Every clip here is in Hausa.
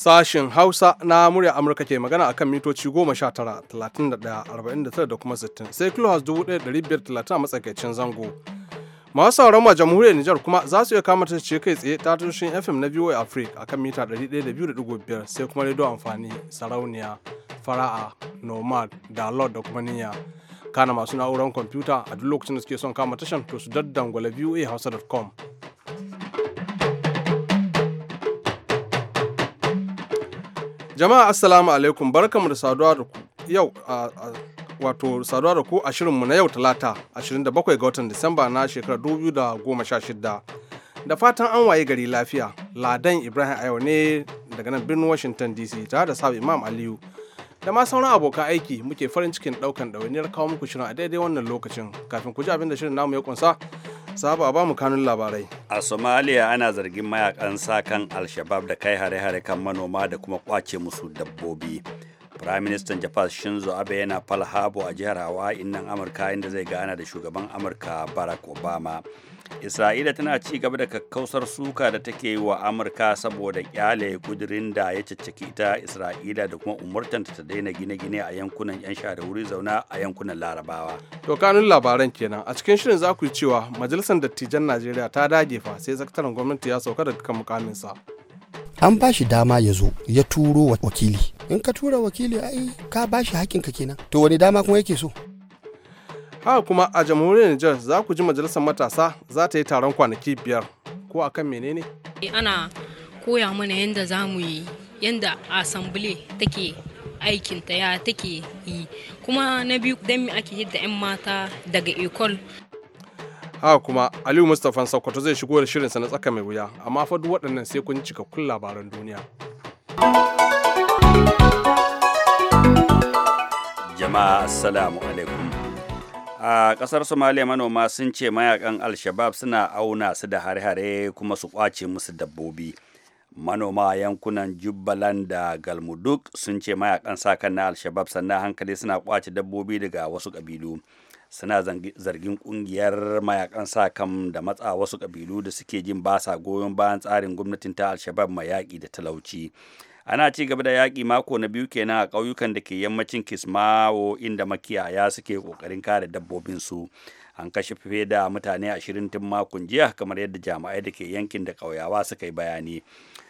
Sashen Hausa na murya Amurka ke magana akan mitoci 19, 31, 49 da kuma 60 sai kilohaz 1530 a matsakaicin zango. Masu sauran ma jamhuriyar Nijar kuma za su iya kama ce kai tsaye ta tushen FM na VOA Africa akan mita 102.5 sai kuma rediyo amfani sarauniya fara'a nomad da lord da kuma niyya kana masu na'urar kwamfuta a duk lokacin da suke son kama tashan to su daddangwala voa hausa.com Jama'a assalamu alaikum barkamu da saduwa da ku yau wato saduwa da ku a shirinmu na yau talata 27 ga watan Disamba na shekarar 2016. Da fatan an waye gari lafiya, Ladan Ibrahim Ayo ne daga nan birnin Washington DC tare da sabu Imam Aliyu. Da ma sauran abokan aiki muke farin cikin daukan ɗawainiyar kawo muku shirin a daidai wannan lokacin kafin ku ji abin da shirin namu ya kunsa sabu a bamu kanun labarai. A Somalia ana zargin mayakan sa kan Al-Shabab da kai hare-hare kan manoma da kuma kwace musu dabbobi. Firaministan Japan Shinzo Abe yana Palhabo a jihar Hawaii nan Amurka inda zai gana da shugaban Amurka Barack Obama. isra'ila tana ci gaba da kakkausar suka da take yi wa amurka saboda kyale kudirin da ya caccaki ta isra'ila da kuma umurtanta ta daina gine-gine a yankunan yan share wuri zauna a yankunan larabawa to kanun labaran kenan a cikin shirin za yi cewa majalisar dattijan najeriya ta dage fa sai sakataren gwamnati ya sauka da dukkan mukaminsa an ba shi dama ya zo ya turo wakili in ka tura wakili ai ka ba shi hakinka kenan to wani dama kuma yake so haka kuma a jamhuriyar Nijar za ku ji majalisar matasa za ta yi taron kwanaki biyar ko a kan menene? Ana koya mana yadda za mu yi yadda asambile take aikinta ya take yi kuma na biyu don ake yadda 'yan mata daga ecol haka kuma aliyu mustapha sokoto zai shigo da shirinsa na tsaka mai wuya amma fa duk waɗannan sai kun kun labaran duniya jama'a assalamu alaikum a kasar somaliya manoma sun ce mayakan alshabab suna auna su da hare-hare kuma su kwace musu dabbobi manoma a yankunan jubbalan da galmuduk sun ce mayakan sakan na alshabab sannan hankali suna kwace dabbobi daga wasu kabilu suna zargin kungiyar mayakan sakan da matsa wasu kabilu da suke jin basa goyon bayan tsarin gwamnatin ta alshabab mai yaƙi da talauci ana ci gaba da yaƙi mako na biyu kenan a ƙauyukan da ke yammacin kismawo inda makiyaya suke ƙoƙarin kare dabbobin su an kashe fiye da mutane ashirin tun makon jiya kamar yadda jami'ai da ke yankin da ƙauyawa suka yi bayani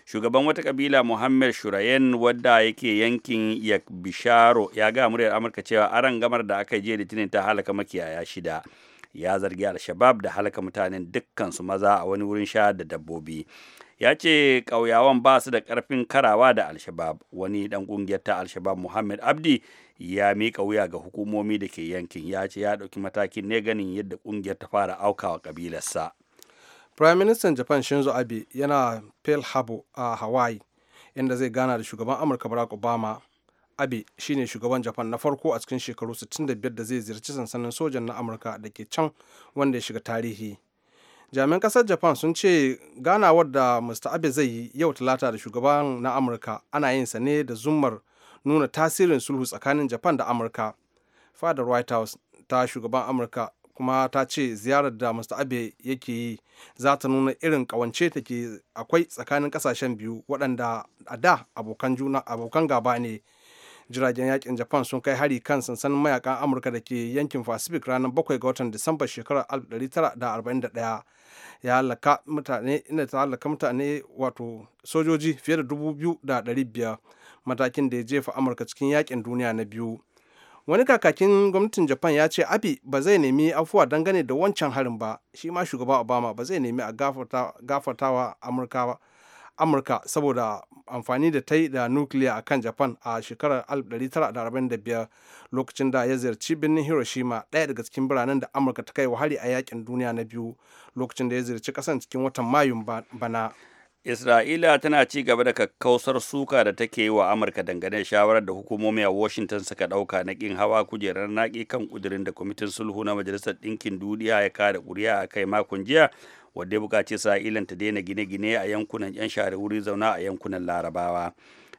shugaban wata kabila muhammad shurayen wadda yake yankin yakbisharo ya ga muryar amurka cewa aron gamar da aka je litinin ta halaka makiyaya shida ya zargi al-shabab da halaka mutanen dukkan maza a wani wurin sha da dabbobi ya ce ƙauyawan ba su da ƙarfin karawa da alshabab wani ɗan ƙungiyar ta alshabab muhammad abdi ya mika wuya ga hukumomi da ke yankin ya ce ya ɗauki matakin ne ganin yadda ƙungiyar ta fara aukawa ƙabilarsa prime minister japan shinzo abe yana pearl harbor a hawaii inda zai gana da shugaban amurka barack obama abe shine shugaban japan na farko a cikin shekaru 65 da zai ziyarci sansanin sojan na amurka da ke can wanda ya shiga tarihi jami'an kasar japan sun ce ganawar da mr abe zai yi yau talata da shugaban na amurka ana yin sa ne da zummar nuna tasirin sulhu tsakanin japan da amurka fadar white house ta shugaban amurka kuma ta ce ziyarar da mr abe yake yi za ta nuna irin kawance ta ke akwai tsakanin kasashen biyu waɗanda a da abokan gaba ne jiragen yakin japan sun kai hari kan sansanin mayakan amurka da ke yankin pacific ranar 7 ga watan disamba shekarar 1941 ya halaka mutane inda ta halaka mutane wato sojoji fiye da 2,500 matakin da ya jefa amurka cikin yakin duniya na biyu wani kakakin gwamnatin japan ya ce abi ba zai nemi afuwa dangane da wancan harin ba shi ma shugaba obama ba zai nemi a gafartawa amurkawa amurka saboda amfani da ta yi da nukiliya a kan japan a shekarar 1945 lokacin da ya ziyarci birnin hiroshima ɗaya daga cikin biranen da amurka ta kai wa hari a yakin duniya na biyu lokacin da ya ziyarci kasan cikin watan mayun bana Isra'ila tana ci gaba da kakkausar suka da take yi wa Amurka dangane shawarar da hukumomi a Washington suka ɗauka na ƙin hawa kujerar naki kan ƙudurin da kwamitin sulhu na Majalisar Ɗinkin Duniya ya kada ƙuri'a a kai makon jiya wadda ya buƙaci Isra'ilan ta daina gine-gine a yankunan 'yan share wuri zauna a yankunan Larabawa.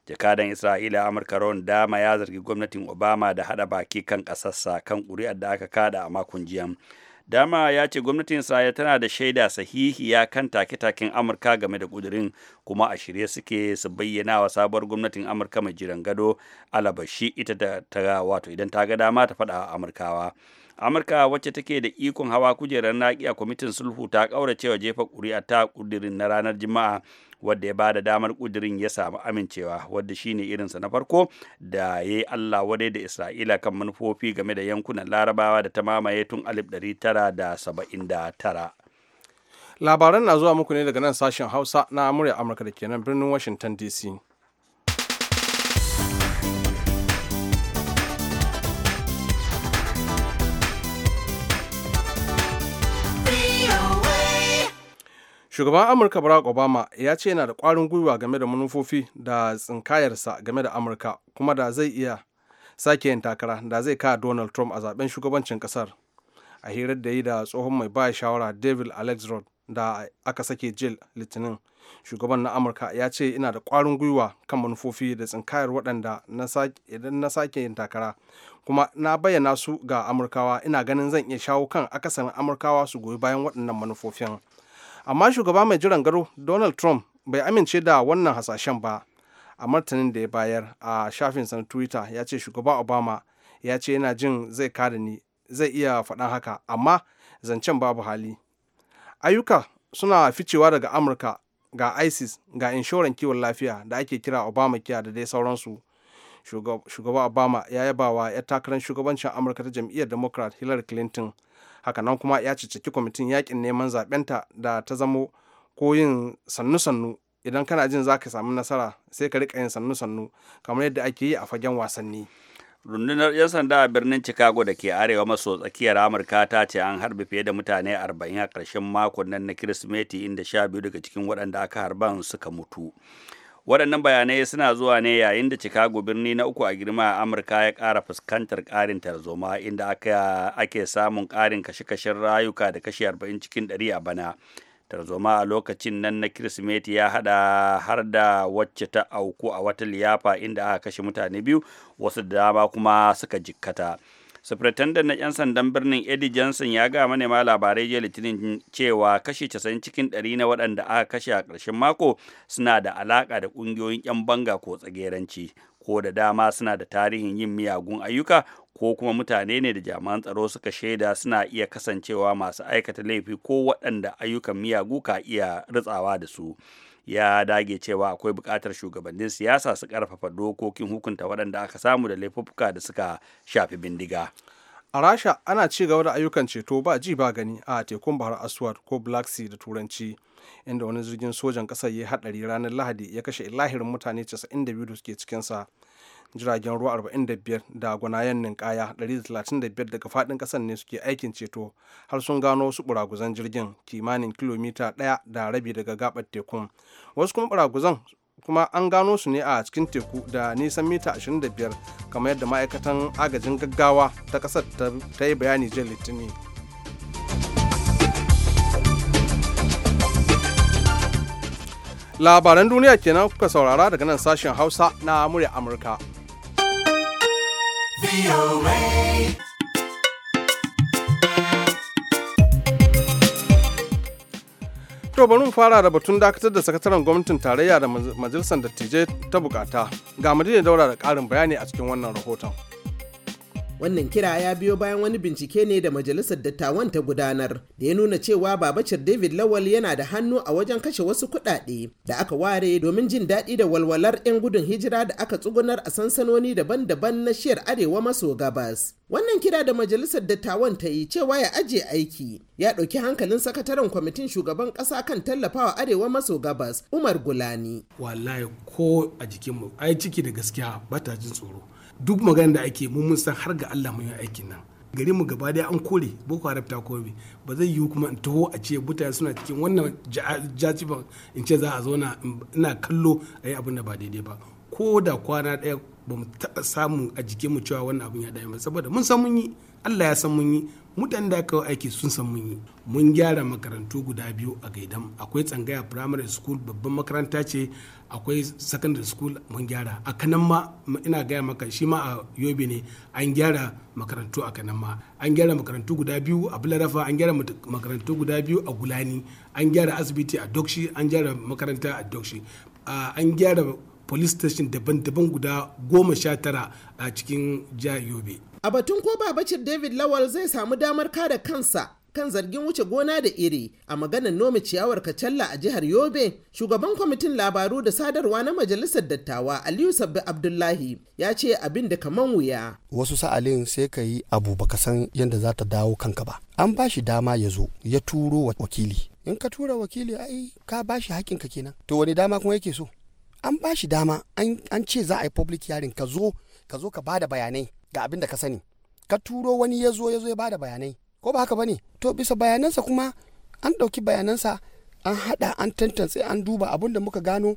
Jakadan Isra'ila Amurka Ron Dama ya zargi gwamnatin Obama da haɗa baki kan ƙasarsa kan ƙuri'ar da aka kada a makon jiya. Dama ya ce gwamnatin saya tana da shaida sahihiya kan take-taken Amurka game da ƙudurin kuma a shirye suke su bayyana wa sabuwar gwamnatin Amurka mai jiran gado alabashi ita da ta wato idan ta ga dama ta faɗa Amurkawa. Amurka wacce take da ikon hawa kujerar naƙi a kwamitin sulhu ta cewa jefa ƙuri'a ta ƙudurin na ranar Juma'a wadda ya bada damar kudirin ya samu amincewa wadda shine irinsa na farko da ya yi Allah wadai da Isra'ila kan manufofi game da yankunan Larabawa da ta mamaye tun alif tara da da saba'in tara. Labaran na zuwa muku ne daga nan sashen Hausa na murya Amurka da kenan birnin Washington DC. shugaban amurka barack obama ya ce yana da kwarin gwiwa game da manufofi da tsinkayarsa game da amurka kuma da zai iya sake yin takara da zai kawo donald trump a zaben shugabancin kasar a hirar da yi da tsohon mai baya shawara david alexrod da aka sake jill litinin shugaban na amurka ya ce ina da kwarin gwiwa kan manufofi da tsinkayar waɗanda idan na sake yin takara kuma na bayyana su ga amurkawa ina ganin zan iya shawo kan akasarin amurkawa su goyi bayan waɗannan manufofin amma shugaba mai jiran garo donald trump bai amince da wannan hasashen ba a martanin da ya bayar a shafin na twitter ya ce shugaba obama ya ce yana jin zai kare ni zai iya faɗan haka amma zancen babu hali ayyuka suna ficewa daga amurka ga isis ga inshoran kiwon lafiya da ake kira obama kiya da dai sauransu shugaba obama ya yaba wa 'yar takarar shugabancin amurka ta jam'iyyar democrat hillary clinton hakanan kuma ya cicciki kwamitin yakin neman zaɓenta da ta zamo ko yin sannu-sannu idan kana jin za ka samu nasara sai ka rika yin sannu-sannu kamar yadda ake yi a fagen wasanni rundunar 'yan sanda a birnin chicago da ke arewa maso tsakiyar amurka ta ce an harbi fiye da mutane 40 a ƙarshen makon nan na kirsimeti inda 12 daga cikin waɗanda aka harban suka mutu waɗannan bayanai suna zuwa ne yayin da chicago birni na uku a girma a amurka ya ƙara fuskantar ƙarin tarzoma inda ake samun ƙarin kashe-kashen rayuka da kashe 40 cikin 100 a bana tarzoma a lokacin nan na kirsimeti ya hada har da wacce ta auku a wata liyafa inda aka kashe mutane biyu wasu da dama kuma suka jikkata. sufritandan na 'yan sandan birnin eddie johnson ya ga manema labarai jiya litinin cewa kashi 90 cikin ɗari na waɗanda aka kashe a ƙarshen mako suna da alaƙa da ƙungiyoyin 'yan banga ko tsageranci ko da dama suna da tarihin yin miyagun ayyuka ko kuma mutane ne da jami'an tsaro suka shaida suna iya kasancewa masu aikata laifi ko waɗanda ayyukan miyagu ka iya ritsawa da su. ya dage cewa akwai bukatar shugabannin siyasa su ƙarfafa dokokin hukunta waɗanda aka samu da laifuffuka da suka shafi bindiga. A Rasha ana ci gaba da ayyukan ceto ba ji ba gani a tekun Bahar Aswad ko Black Sea da Turanci, inda wani jirgin sojan ƙasar ya haɗari ranar Lahadi ya kashe lahirin mutane 92 da suke cikinsa. jiragen ruwa 45 da gwanayen ninkaya 135 daga fadin ƙasar ne suke aikin ceto har sun gano wasu buraguzan jirgin kimanin kilomita ɗaya da rabi daga gabar tekun wasu kuma buraguzan kuma an gano su ne a cikin teku da nisan mita 25 kamar yadda ma'aikatan agajin gaggawa ta kasar ta yi bayani jiya litinin labaran duniya kenan kuka saurara daga nan sashen hausa na murya amurka To bari mu fara da batun dakatar da sakataren gwamnatin tarayya da majalisar dattijai ta bukata. Ga madina daura da ƙarin bayani a cikin wannan rahoton. wannan kira ya biyo bayan wani bincike ne da majalisar dattawan ta gudanar da ya nuna cewa babacir david lawal yana da hannu a wajen kashe wasu kuɗaɗe da aka ware domin jin daɗi da walwalar 'yan gudun hijira da aka tsugunar a sansanoni daban-daban na shiyar arewa maso gabas wannan kira da majalisar dattawan ta yi cewa ya aje aiki ya ɗauki hankalin sakataren kwamitin shugaban ƙasa kan tallafawa arewa maso gabas umar gulani wallahi ko a jikinmu ai ciki da gaskiya ba jin tsoro duk magana da ake mun mun san har ga Allah mun yi aikin nan gari mu gaba daya an kore boko haram ta kore ba zai yiwu kuma in taho a ce mutane suna cikin wannan jajiban in ce za a zauna ina kallo a yi abin da ba daidai ba ko da kwana daya ba mu taɓa samu a jikinmu cewa wannan abin ya dame saboda mun san mun yi allah ya san mun yi mutane da aka aiki sun san mun yi mun gyara makarantu guda biyu a gaidam akwai tsangaya primary school babban makaranta ce akwai secondary school mun gyara a kanan ma ina gaya maka shi ma a yobe ne an gyara makarantu a kanan ma an gyara makarantu guda biyu a bularafa an gyara makarantu guda biyu a gulani an gyara asibiti a dokshi an gyara makaranta a dokshi an gyara police station daban-daban guda goma sha tara a cikin jihar yobe A batun ko babacin David Lawal zai samu damar kada kansa kan zargin wuce gona da iri a maganar nome ciyawar kacalla a jihar yobe shugaban kwamitin labaru da sadarwa na majalisar dattawa aliyu sabbi abdullahi ya ce abin da kaman wuya wasu sa'alin sai ka yi abu baka san yadda za ta dawo kanka ba an ba shi dama ya zo ya turo wakili in ka tura wakili ai ka ba shi hakinka kenan to wani dama kuma yake so an ba shi dama an ce za a yi public yarin ka zo ka zo ka bada bayanai ga abin da ka sani ka turo wani ya zo ya zo ya bada bayanai ko ba haka bane to bisa bayanansa kuma an ɗauki bayanansa an haɗa an tantance an duba abin da muka gano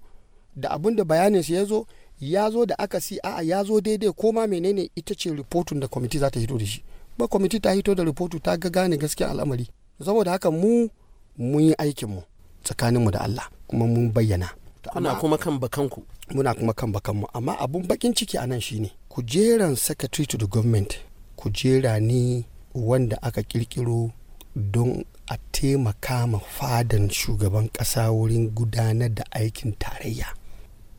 da abin da bayaninsa ya zo ya zo da aka si a'a ya zo daidai ko ma menene ita ce ripotun da kwamiti za ta hito da shi ba kwamiti ta hito da ripotu ta ga gane gaskiyar al'amari saboda haka mu mun yi aikinmu tsakaninmu da Allah kuma mun bayyana kuna kuma kan bakanku muna kuma kan bakanmu amma abun bakin ciki a nan shine kujeran secretary to the government kujera ne wanda aka kirkiro don a taimaka ma fadan shugaban ƙasa wurin gudanar da aikin tarayya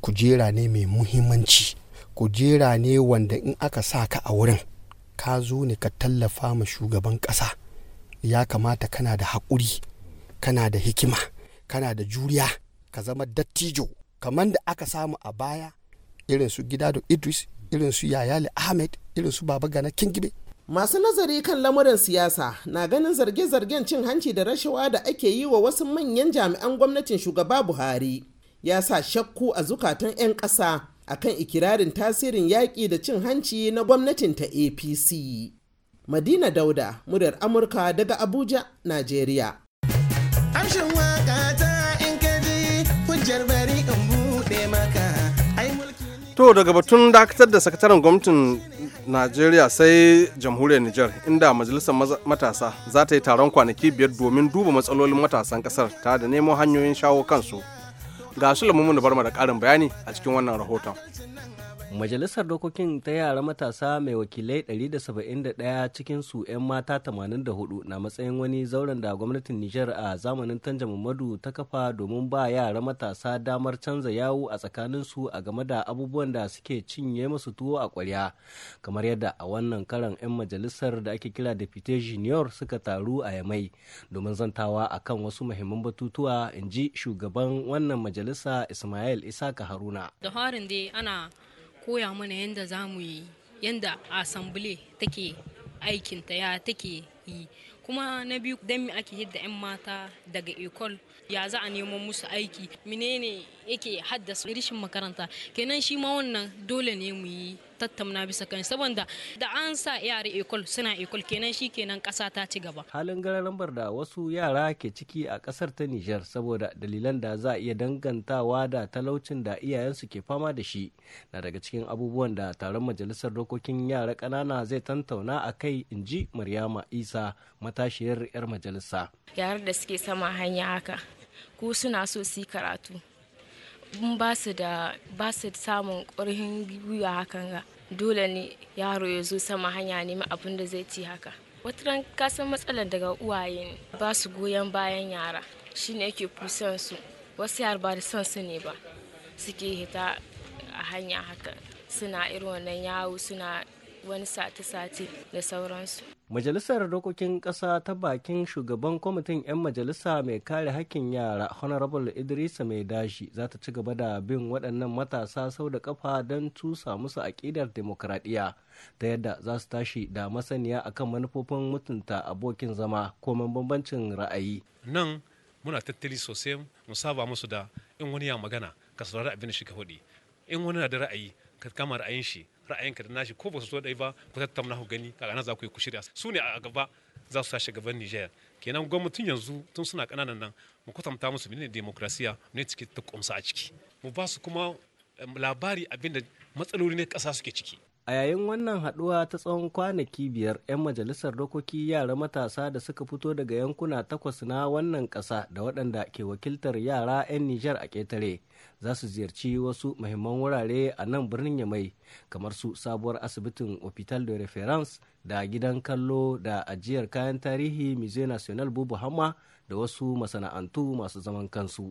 kujera ne mai muhimmanci kujera ne wanda in aka sa ka a wurin ka zo ne ka tallafa ma shugaban ƙasa ya kamata kana da haƙuri kana da hikima kana da juriya ka zama dattijo kamar da aka samu a baya irin su gida da idris irin su yayali ahmed irin su baba gana kingibe masu nazari kan lamuran siyasa na ganin zarge-zargen cin hanci da rashawa da ake yi wa wasu manyan jami'an gwamnatin shugaba buhari ya sa shakku a zukatan 'yan ƙasa akan ikirarin tasirin yaƙi da cin hanci na gwamnatin ta apc madina dauda muryar amurka daga abuja najeriya to daga batun dakatar da sakataren gwamnatin najeriya sai jamhuriyar niger inda majalisar matasa za ta yi taron kwanaki biyar domin duba matsalolin matasan kasar ta da nemo hanyoyin shawo kansu ga shi lamumun da bar da karin bayani a cikin wannan rahoton Majalisar Dokokin ta yara matasa mai wakilai 171 cikin su 'yan mata 84 na matsayin wani zauren da gwamnatin Nijar a zamanin Tanja Muhammadu ta kafa domin ba yara matasa damar canza yawo a tsakanin su a game da abubuwan da suke cinye masu tuwo a kwarya. Kamar yadda a wannan karan 'yan majalisar da ake kira Deputy Junior suka taru a Yamai domin zantawa akan wasu muhimman batutuwa in ji shugaban wannan majalisa Ismail Isaka Haruna. Da harin dai ana koya mana yadda za mu yi yadda asambule take aikinta ya take yi kuma na biyu don me ake hidda 'yan mata daga ecole ya za a neman musu aiki menene yake haddasa rishin makaranta kenan shi ma wannan dole ne mu yi tattauna bisa kan saboda da an sa yara ekol suna ekol kenan shi kenan ƙasa ta ci gaba halin lambar da wasu yara ke ciki a kasar ta Nijar saboda dalilan da za a iya dangantawa da talaucin da iyayensu ke fama da shi na daga cikin abubuwan da taron majalisar dokokin yara kanana zai tantauna a kai in Maryama Isa matashiyar 'yar majalisa. Yaran da suke sama hanya haka ko suna so su yi karatu in ba su da ba su samun ƙarfin gwiwa hakan ga dole ne yaro ya zo sama hanya ma abin da zai ci haka wata ran ka san matsalar daga uwaye ne ba su goyon bayan yara shine yake fusan su wasu yara ba da son su ne ba suke hita a hanya haka suna irin wannan yawo suna wani sati-sati da sauransu. Majalisar Dokokin Ƙasa ta bakin shugaban kwamitin 'yan majalisa mai kare hakkin yara Honorable Idrisa Mai Dashi za ta ci gaba da bin waɗannan matasa sau da ƙafa don tusa musu aƙidar demokradiyya ta yadda za su tashi da masaniya akan manufofin mutunta abokin zama ko bambancin ra'ayi. Nan muna tattali sosai mu saba musu da in wani ya magana ka saurari abin da shi ka in wani na da ra'ayi ka kama ra'ayin shi ra'ayinka da nashi ko ba su so dai ba ku tattauna ku gani kaga za ku yi ku su ne a gaba za su sashi gaban Niger kenan gwamnatin yanzu tun suna kananan nan mu kwatanta musu menene demokrasiya ne ciki ta kumsa a ciki mu ba su kuma eh, labari abinda matsaloli ne kasa suke ciki A yayin wannan haɗuwa ta tsawon kwanaki biyar 'yan majalisar dokoki yara matasa da suka fito daga yankuna takwas na wannan ƙasa da waɗanda ke wakiltar yara 'yan Nijar a ƙetare za su ziyarci wasu mahimman wurare a nan birnin Yamai kamar su sabuwar asibitin Hopital de Reference da gidan kallo da ajiyar kayan tarihi Musée National Bubu Hamma da wasu masana'antu masu zaman kansu.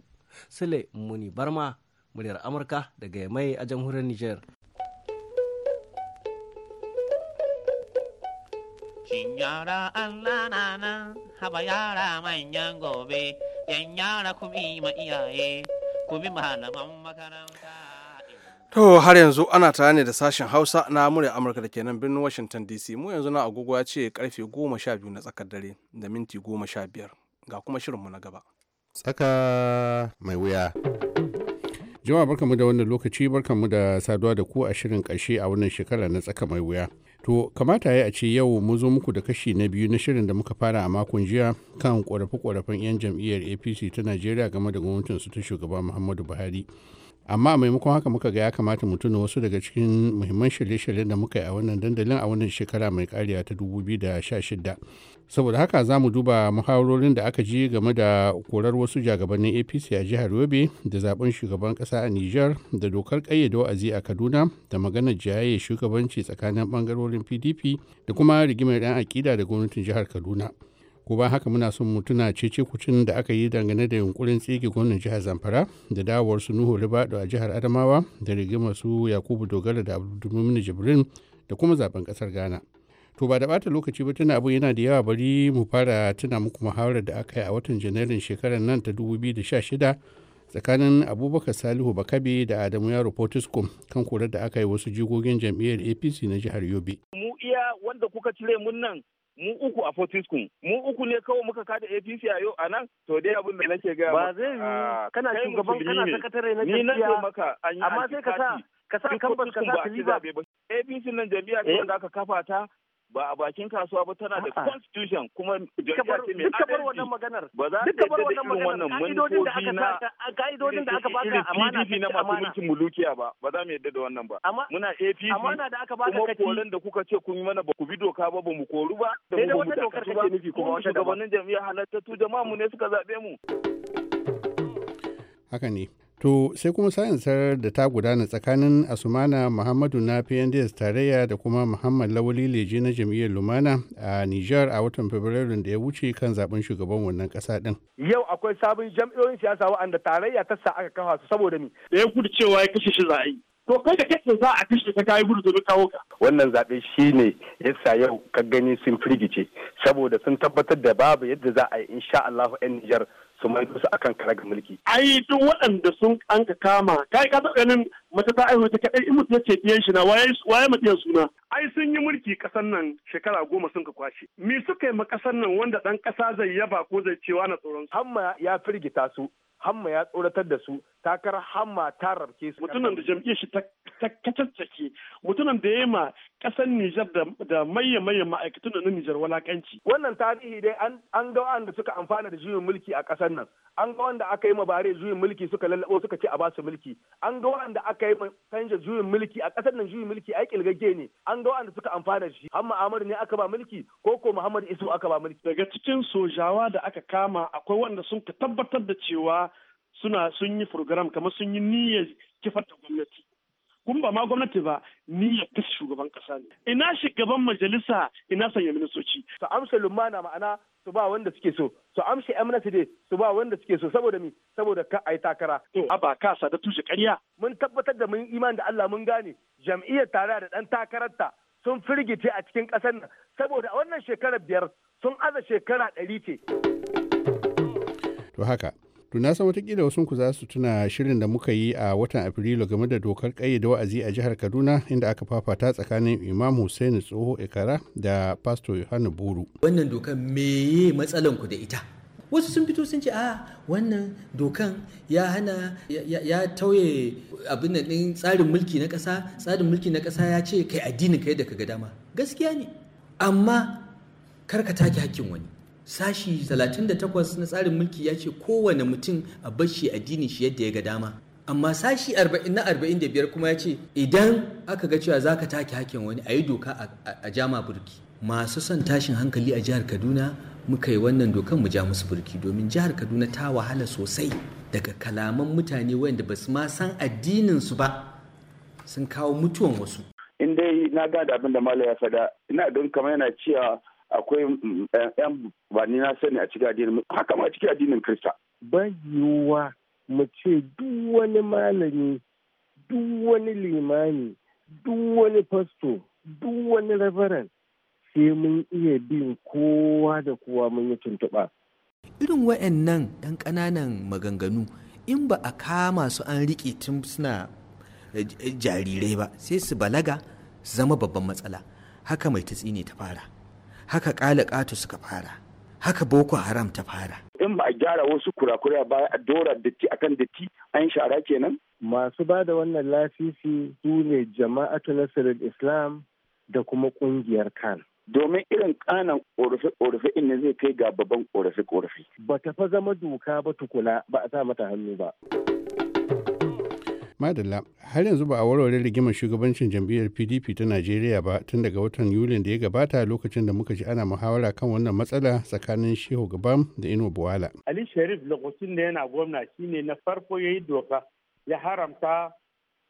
Sule Muni Barma, muryar Amurka daga Yamai a jamhuriyar Nijar. Shin yara Allah na nan haba yara manyan gobe, yan ku bi ma iyaye, ku malaman makaranta. To har yanzu ana tare ne da sashen Hausa na murya Amurka da kenan birnin Washington DC mu yanzu na agogo ya ce karfe goma sha biyu na tsakar dare da minti goma ga kuma shirinmu na gaba. Tsaka mai wuya. Jama'a barkamu da wannan lokaci barkamu da saduwa da ku a shirin ƙarshe a wannan shekara na tsaka mai wuya. To kamata ya a ce yau mu zo muku da kashi na biyu na shirin da muka fara a makon jiya kan ƙorafe-ƙorafen 'yan jam'iyyar APC ta Najeriya game da gwamnatin su ta shugaba Muhammadu Buhari. amma maimakon haka muka ga ya kamata mu tuna wasu daga cikin muhimman shirye shirye da muka yi a wannan dandalin a wannan shekara mai kariya ta 2016 saboda haka za mu duba muhawarorin da aka ji game da korar wasu jagabannin apc a jihar yobe da zaben shugaban kasa a niger da dokar kayyade wa'azi a kaduna da maganar jayaye shugabanci tsakanin bangarorin pdp da kuma rigimar 'yan akida da gwamnatin jihar kaduna ko ba haka muna son mutuna tuna ce kucin da aka yi dangane da yunkurin tsige gwamnan jihar zamfara da dawowar su nuhu libado a jihar adamawa da rigima su yakubu dogara da abdulmumin jibrin da kuma zaben kasar ghana to ba da bata lokaci ba tuna abu yana da yawa bari mu fara tuna muku muhawarar da aka yi a watan janairun shekarar nan ta 2016 tsakanin abubakar salihu bakabe da adamu yaro potiskum kan korar da aka yi wasu jigogin jam'iyyar apc na jihar yobe mu iya wanda kuka cire mun nan mu uku a Fortiskun mu uku ne kawai muka kada APC a yau a nan to dai abin da nake ga ba zai yi ah, kana shugaban kana sakatare na maka amma sai ka sa ka sa kambas ka sa liba APC nan jam'iyya ne eh? wanda aka kafa ta ba a bakin kasuwa ba tana da constitution kuma jam'iyya ce mai adalci ba za ta yadda da irin wannan manufofi na ka'idodin da aka baka amana PDP na masu mulkin mulukiya ba ba za mu yadda da wannan ba muna APC amana da aka baka kuma koren da kuka ce kun yi mana ba ku bi doka ba ba mu koru ba da mu ba dokar kake nufi kuma wata jami'a jam'iyya tu jama'a mu ne suka zabe mu haka ne To sai kuma sayansar da ta gudana tsakanin Asumana Muhammadu na PNDS tarayya da kuma Muhammad Lawali Leje na jam'iyyar Lumana a Nijar a watan Fabrairu da ya wuce kan zaben shugaban wannan kasa ɗin. Yau akwai sabon jam'iyyoyin siyasa waɗanda tarayya ta sa aka kafa su saboda mi. Da ya gudu cewa ya kashe shi za a yi. to kai da kake za a kashe ka kai gudu domin kawo ka. Wannan zaɓe shi ne yasa yau ka gani sun firgice saboda sun tabbatar da babu yadda za a yi insha Allah 'yan Nijar kamar su akan ga mulki ai duk waɗanda sun an ka kama kai ka taɓa ganin mace ta aihu ta kaɗai in mutum ce ɗiyan shi na waye mutum suna ai sun yi mulki ƙasar nan shekara goma sun ka kwashe me suka yi ma ƙasar nan wanda ɗan ƙasa zai yaba ko zai cewa na tsoron hamma ya firgita su hamma ya tsoratar da su takar hamma ta rabke su mutumin da jam'iyyar shi ta kacaccake mutumin da ya ma kasar Nijar da manyan manyan ma'aikatan na Nijar walakanci wannan tarihi dai an ga wanda suka amfana da juyin mulki a kasar nan an ga wanda aka yi bare juyin mulki suka lallabo suka ce a basu mulki an ga wanda aka yi canja juyin mulki a kasar nan juyin mulki ai kilgagge ne an ga wanda suka amfana shi hamma amar ne aka ba mulki ko ko Muhammad Isu aka ba mulki daga cikin sojawa da aka kama akwai wanda sun tabbatar da cewa suna sun yi program kamar sun yi niyyar kifar da gwamnati kun ba ma gwamnati ba niyyar kasa shugaban kasa ne ina shugaban majalisa ina sanya ministoci su amsa lumana ma'ana su ba wanda suke so su amshi amnati dai su ba wanda suke so saboda mi saboda ka ai takara to a ba ka da tushe ƙarya mun tabbatar da mun imani da Allah mun gane jam'iyyar tare da dan takararta sun firgice a cikin ƙasar nan saboda a wannan shekarar biyar sun aza shekara ɗari ce to haka To na san watakila wasu ku za su tuna shirin da muka yi a watan Afrilu game da dokar ƙayyade wa'azi a jihar Kaduna inda aka fafata tsakanin Imam Hussein Tsoho Ikara da Pastor Yohana Buru. Wannan dokar meye matsalan ku da ita? Wasu sun fito sun ce a wannan dokan ya hana ya tauye abin da tsarin mulki na ƙasa tsarin mulki na ƙasa ya ce kai addinin kai da ka ga dama gaskiya ne amma kar ka take hakkin wani sashi 38 na tsarin mulki ya ce kowane mutum a bashi addinin shi yadda ya ga dama amma sashi 40 na 45 kuma ya ce idan aka ga cewa zaka take hakkin wani a yi doka a jama burki masu son tashin hankali a jihar kaduna muka yi wannan dokan mu ja musu burki domin jihar kaduna ta wahala sosai daga kalaman mutane wanda ba su ma san addinin su ba sun kawo mutuwan wasu in dai na gada abin da malam ya faɗa ina ganin kamar yana cewa akwai mm, eh, yan ba na sani a cikin addinin haka ma cikin addinin krista ban yiwuwa mu ce duk wani malami duk wani limami duk wani fasto duk wani rabaran sai mun iya bin kowa da kowa mun yi tuntuɓa. irin wa'annan 'yan ƙananan maganganu in ba a kama su an riƙe tun suna eh, eh, jarirai ba sai su balaga su zama babban matsala haka mai tatsi ne ta fara haka ƙato suka fara haka boko haram ta fara in ba a gyara wasu kurakurai baya a dora datti akan datti an shara kenan masu ba da wannan lasisi su ne jama'atu nasarar islam da kuma kungiyar kan domin irin kanan ƙorafe korafe in zai kai ga babban ƙorafe-ƙorafe. ba ta fa zama doka ba tukuna ba a sa mata hannu ba. madalla har yanzu ba a warware rigimar shugabancin jam'iyyar pdp ta najeriya ba tun daga watan yulin da ya gabata lokacin da muka ji ana muhawara kan wannan matsala tsakanin shehu gabam da ino buwala ali sharif lokacin da yana gwamna shine na farko ya yi doka ya haramta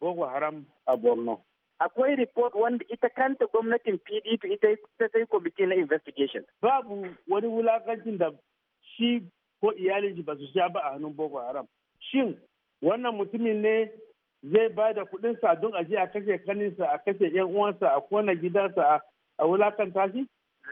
boko haram a borno akwai report wanda ita kanta gwamnatin pdp ita ta sai kwamiti na investigation babu wani wulakancin da shi ko iyalin shi ba su sha ba a hannun boko haram shin wannan mutumin ne zai ba da kuɗinsa don aje a kashe kaninsa a kashe yan uwansa a kona gidansa a wulakanta shi?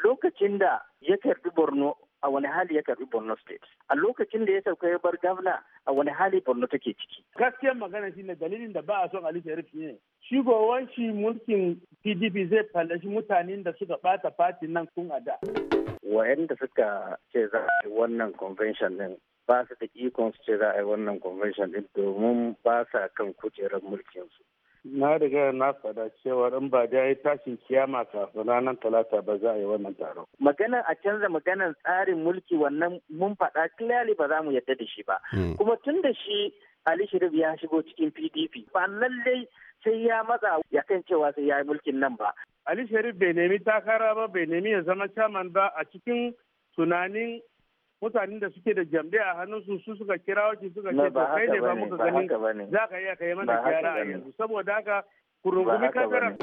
Lokacin da ya karbi Borno a wani hali ya karbi Borno State. A lokacin da ya sauka ya bar gavna a wani hali Borno take ciki. Gaskiyar magana shi ne dalilin da ba a son Ali Sharif ne. Shigowanci mulkin PDP zai fallashi mutanen da suka bata fatin nan tun a da. Wayanda suka ce za a yi wannan convention din ba su da ikon su ce za a yi wannan convention din domin ba sa kan kujerar mulkin su. Na riga na faɗa cewa in ba da ya tashin kiyama kafin ranar talata ba za a yi wannan taron. Maganar a canza maganar tsarin mulki wannan mun faɗa clearly ba za mu yadda da shi ba. Hmm. Kuma tun da shi Ali Shirif ya shigo cikin PDP ba lallai sai ya matsa ya kan cewa sai ya yi mulkin nan ba. Ali Sharif bai nemi takara ba bai nemi ya zama caman ba a cikin tunanin mutanen da suke da jambe a hannunsu su suka kira wace suka ce to kai ne ba muka gani za ka iya kai mana gyara a yanzu saboda haka ku rungumi kasarar.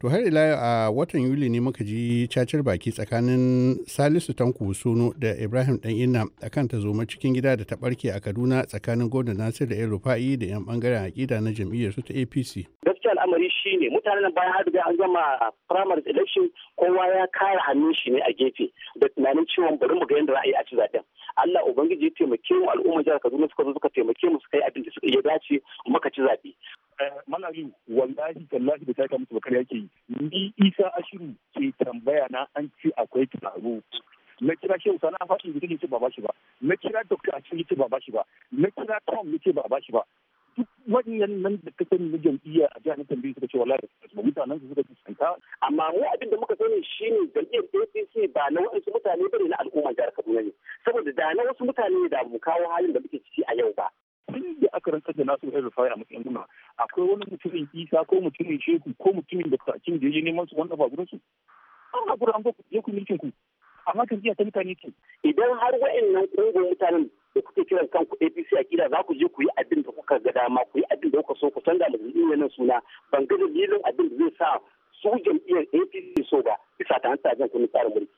to har ila a watan yuli ne muka ji cacar baki tsakanin salisu tanku sono da ibrahim dan inna akan ta zoma cikin gida da ta barke a kaduna tsakanin gordon nasir da yan rufa'i da yan bangaren aƙida na jam'iyyarsu ta apc gaskiya al'amari shi mutane mutanen bayan haɗu an gama primary election kowa ya kare hannun shi ne a gefe da tunanin cewa bari mu ga yadda za a yi a ci zaben Allah ubangiji ya taimake mu al'umma jihar Kaduna suka zo suka taimake mu suka yi abin da suka ya dace muka ci zaɓe. Eh, malamin wallahi tallahi da ta musu bakar yake yi ni Isa Ashiru ke tambaya na an ce akwai taro na kira shehu sana fashin da take ce ba ba shi ba na kira doctor a cikin ce ba ba shi ba na kira tom ce ba ba shi ba duk waɗannan nan da ka sani na jam'iyya a jihar Tambi suka ce wallahi da mutanen su suka ci amma mu abin da muka sani shine jam'iyyar APC ba na wasu mutane bane na al'umma jihar Kaduna ne saboda da na wasu mutane da mu kawo halin da muke ciki a yau ba tun da aka rantsar da nasu ɗan rufa a matsayin guna akwai wani mutumin isa ko mutumin sheku ko mutumin da kakin da ya neman su wanda ba gurin su an haƙura an ba ku je ku mulkin ku amma kan ta mutane ce idan har wa'annan kungiyar mutanen da kuke kiran kanku APC a kira za ku je ku yi abin da kuka ga dama ku yi abin da kuka so ku canza da jam'iyyar nan suna ban ga dalilin abin da zai sa su jam'iyyar APC so ba bisa ta hanta jan kunu tsarin mulki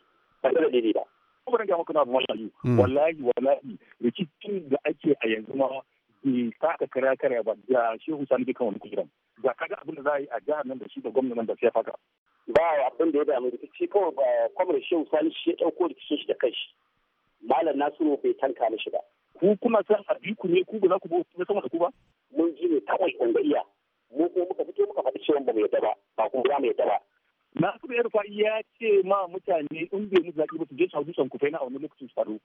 ban ga dalili ba kuma ga muku na wallahi hmm. wallahi wallahi rikicin da ake a yanzu ma bai saka kara kare ba da shehu sani kan wani kujeran da kaga abin da za a yi a jihar nan da shi da gwamnatin da sai faka ba abin da ya damu rikici kawai kwamar shehu sani shi ya ɗauko rikicin shi da kanshi malam nasiru bai tanka shi ba ku kuma san a ku ne ku ba za ku bi sama da ku ba mun ji ne kawai wanda iya mu ko muka fito muka faɗi cewa ba mu yadda ba ba kuma ba mu yadda ba Nasiru Yarfa'i ya ce ma mutane in bai mu zaɓi ba su je su hau dutsen ku na a wani lokacin tsaro.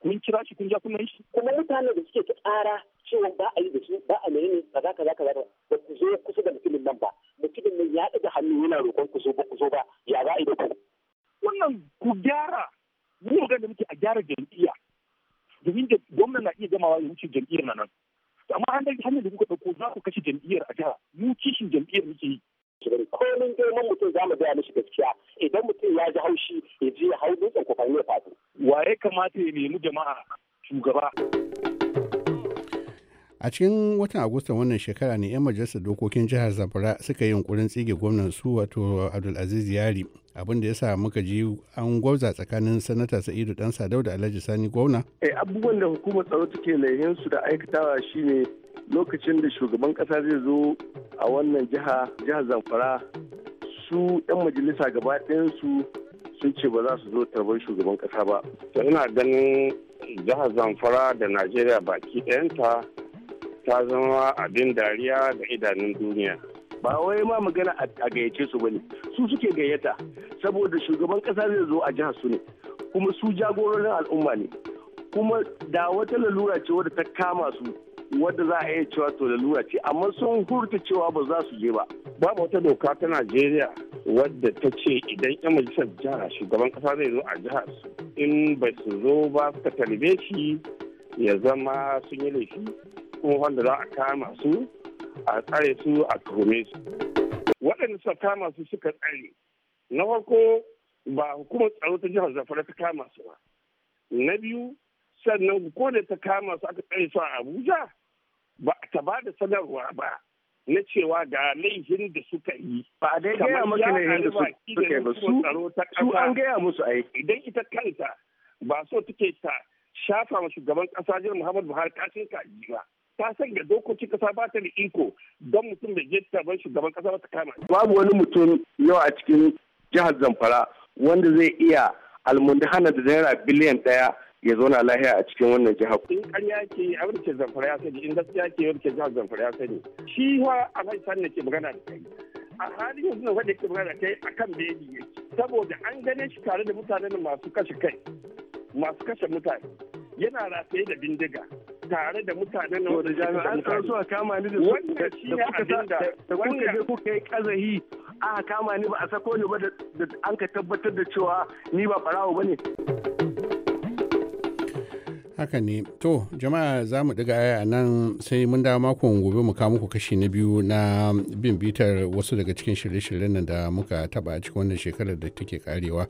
Kun kira shi kun ja kun shi. Kuma mutanen da suke ta ƙara cewa ba a yi da su ba a menene kaza kaza kaza ba ku zo kusa da mutumin nan ba. Mutumin nan ya ɗaga hannu yana roƙon ku zo ba ku zo ba ya za a yi da ku. Wannan ku gyara mu magana da muke a gyara jam'iyya domin gwamna na iya gamawa ya wuce jam'iyyar na nan amma an dai hanyar da kuka dauko za ku kashe jam'iyyar a jiha mu kishin jam'iyyar muke yi komin girman mutum za mu gaya mishi gaskiya idan mutum ya ji haushi ya je ya hau dutsen kofar ne faɗi waye kamata ya nemi jama'a shugaba a cikin watan agusta wannan shekara ne 'yan majalisar dokokin jihar zamfara suka yi yunkurin tsige gwamnan su wato abdulaziz yari abin da ya sa muka ji an gwabza tsakanin sanata sa'idu dan sadau da alhaji sani gwamna eh, abubuwan da hukumar tsaro take laifin su da aikatawa shine lokacin da shugaban kasa zai zo a wannan jiha jihar zamfara su 'yan majalisa gaba su sun ce ba za su zo tarbar shugaban kasa ba ina ganin jihar zamfara da najeriya baki ɗayanta ta zama abin dariya ga idanun duniya ba wai ma magana a gayyace su bane su suke gayyata saboda shugaban kasa zai zo a jihar su ne kuma su jagororin al'umma ne kuma da wata lalura ce wadda ta kama su wadda za a iya cewa to lalura ce amma sun hurta cewa ba za su je ba babu wata doka ta najeriya wadda ta ce idan yan majalisar jihar shugaban kasa zai zo a jihar su in ba su zo ba suka tarbe shi ya zama sun yi laifi kuma wanda za a kama su a tsare su a tuhume su waɗanda suka kama su suka tsare na farko ba hukumar tsaro ta jihar zafara ta kama su ba na biyu sannan ko da ta kama su aka tsare su a abuja ba ta ba da sanarwa ba na cewa ga laifin da suka yi ba a dai gaya maka laifin da suka yi ba su an gaya musu aiki idan ita kanta ba so take ta shafa ma shugaban kasa jihar muhammadu buhari kashin kaji ba ta sanya dokokin kasa ba ta da iko don mutum da je taron shugaban kasa ba ta kama. Babu wani mutum yau a cikin jihar Zamfara wanda zai iya almundi hana da naira biliyan ɗaya ya zauna lahiya a cikin wannan jihar. In karya ke a wurin zamfara ya sani, in gaskiya ke wurin jihar zamfara ya sani. Shi wa a san ne ke magana da kai. A halin yanzu na wanda ke magana da kai a kan beli Saboda an gane shi tare da mutanen masu kashe kai, masu kashe mutane. Yana rataye da bindiga. tare da mutanen na wani jami'an tsaro suka kama ni da su da kuka da kuka je kuka yi kazahi aka kama ni ba a sako ni ba da an ka tabbatar da cewa ni ba farawo ba ne. haka ne to jama'a za mu daga aya nan sai mun dawo makon gobe mu kawo muku kashi na biyu na bin bitar wasu daga cikin shirye-shiryen nan da muka taba a cikin wannan shekarar da take karewa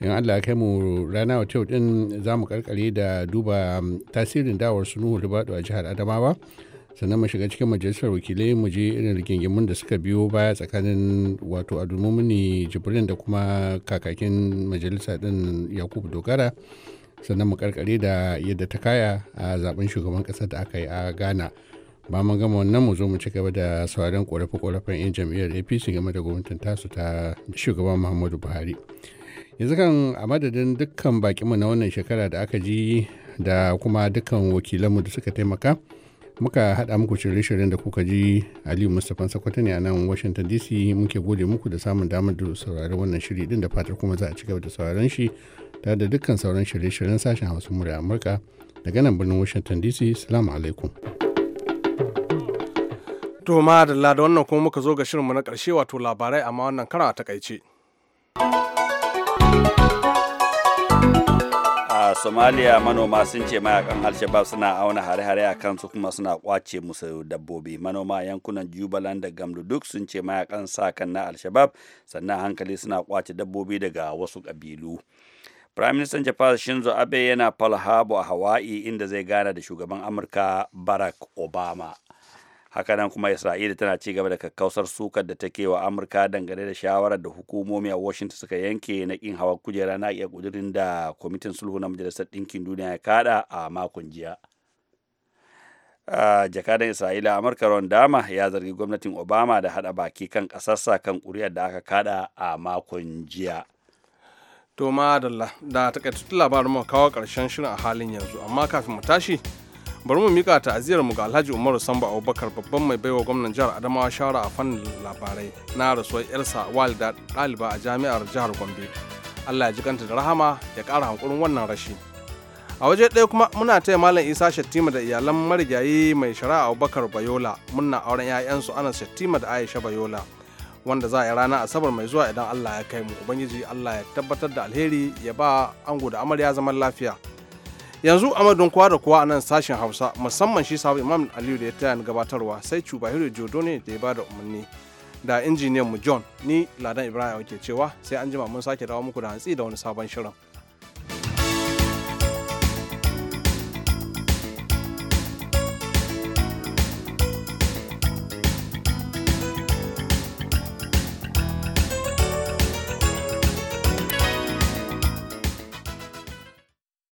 in allah ya kai mu rana wa yau din za mu karkare da duba um, tasirin dawar su nuhu a jihar adamawa sannan mu shiga cikin majalisar wakilai mu je irin rigingimun da suka biyo baya tsakanin wato adumumuni jibrin da kuma kakakin majalisa din yakubu dogara sannan mu karkare da yadda ta kaya a zaben shugaban ƙasar da aka yi a ghana ba mun gama wannan mu zo mu ci gaba da sauran korafe-korafen 'yan jam'iyyar apc game da gwamnatin tasu ta shugaban muhammadu buhari yanzu kan a madadin dukkan bakinmu na wannan shekara da aka ji da kuma dukkan wakilanmu da suka taimaka muka haɗa muku shirye-shiryen da kuka ji aliyu mustapha sakwata ne a nan washington dc muke gode muku da samun damar da saurari wannan shiri din da fatar kuma za a ci gaba da sauraron shi ta da dukkan sauran shirye-shiryen sashen hausa murya amurka daga nan birnin washington dc salamu alaikum to ma da wannan kuma muka zo ga shirinmu na karshe wato labarai amma wannan kara a takaice somalia manoma sun ce mayakan alshabab suna auna hare-hare a kansu kuma suna kwace musu dabbobi manoma yankunan jubaland da gamdu duk sun ce mayakan sa na alshabab sannan hankali suna kwace dabbobi daga wasu kabilu prime minister japan shinzo abe yana pearl harbor a hawaii inda zai gana da shugaban amurka barack obama hakanan kuma isra'ila tana ci gaba da kakkausar sukar da take wa amurka dangane da shawarar da hukumomi a washington suka yanke na kin hawa kujera na iya kudurin da kwamitin sulhu na majalisar ɗinkin duniya ya kada a makon jiya Uh, jakadan isra'ila amurka ron dama ya zargi gwamnatin obama da hada baki kan kasarsa kan kuri'ar da aka kada a makon jiya to ma da takaitattun labarin mu kawo karshen shirin a halin yanzu amma kafin mu tashi bari mu mika aziyar mu ga Alhaji Umar Sambo Abubakar babban mai baiwa gwamnan jihar Adamawa shawara a fannin labarai na rasuwar yarsa walida ɗaliba a jami'ar jihar Gombe. Allah ya ji kanta da rahama ya kara hankurin wannan rashi. A waje ɗaya kuma muna taya Malam Isa Shattima da iyalan marigayi mai shari'a Abubakar Bayola muna auren su Anas Shattima da Aisha Bayola. wanda za a yi rana asabar mai zuwa idan Allah ya kai mu ubangiji Allah ya tabbatar da alheri ya ba ango da amarya zaman lafiya yanzu a madon kowa da kowa a nan sashen hausa musamman shi sabu imam aliyu da ya taya gabatarwa sai cubahiro jodo ne da ya bada umarni da injiniyan mu john ni ladan ibrahim ke cewa sai an jima mun sake dawo muku da hantsi da wani sabon shirin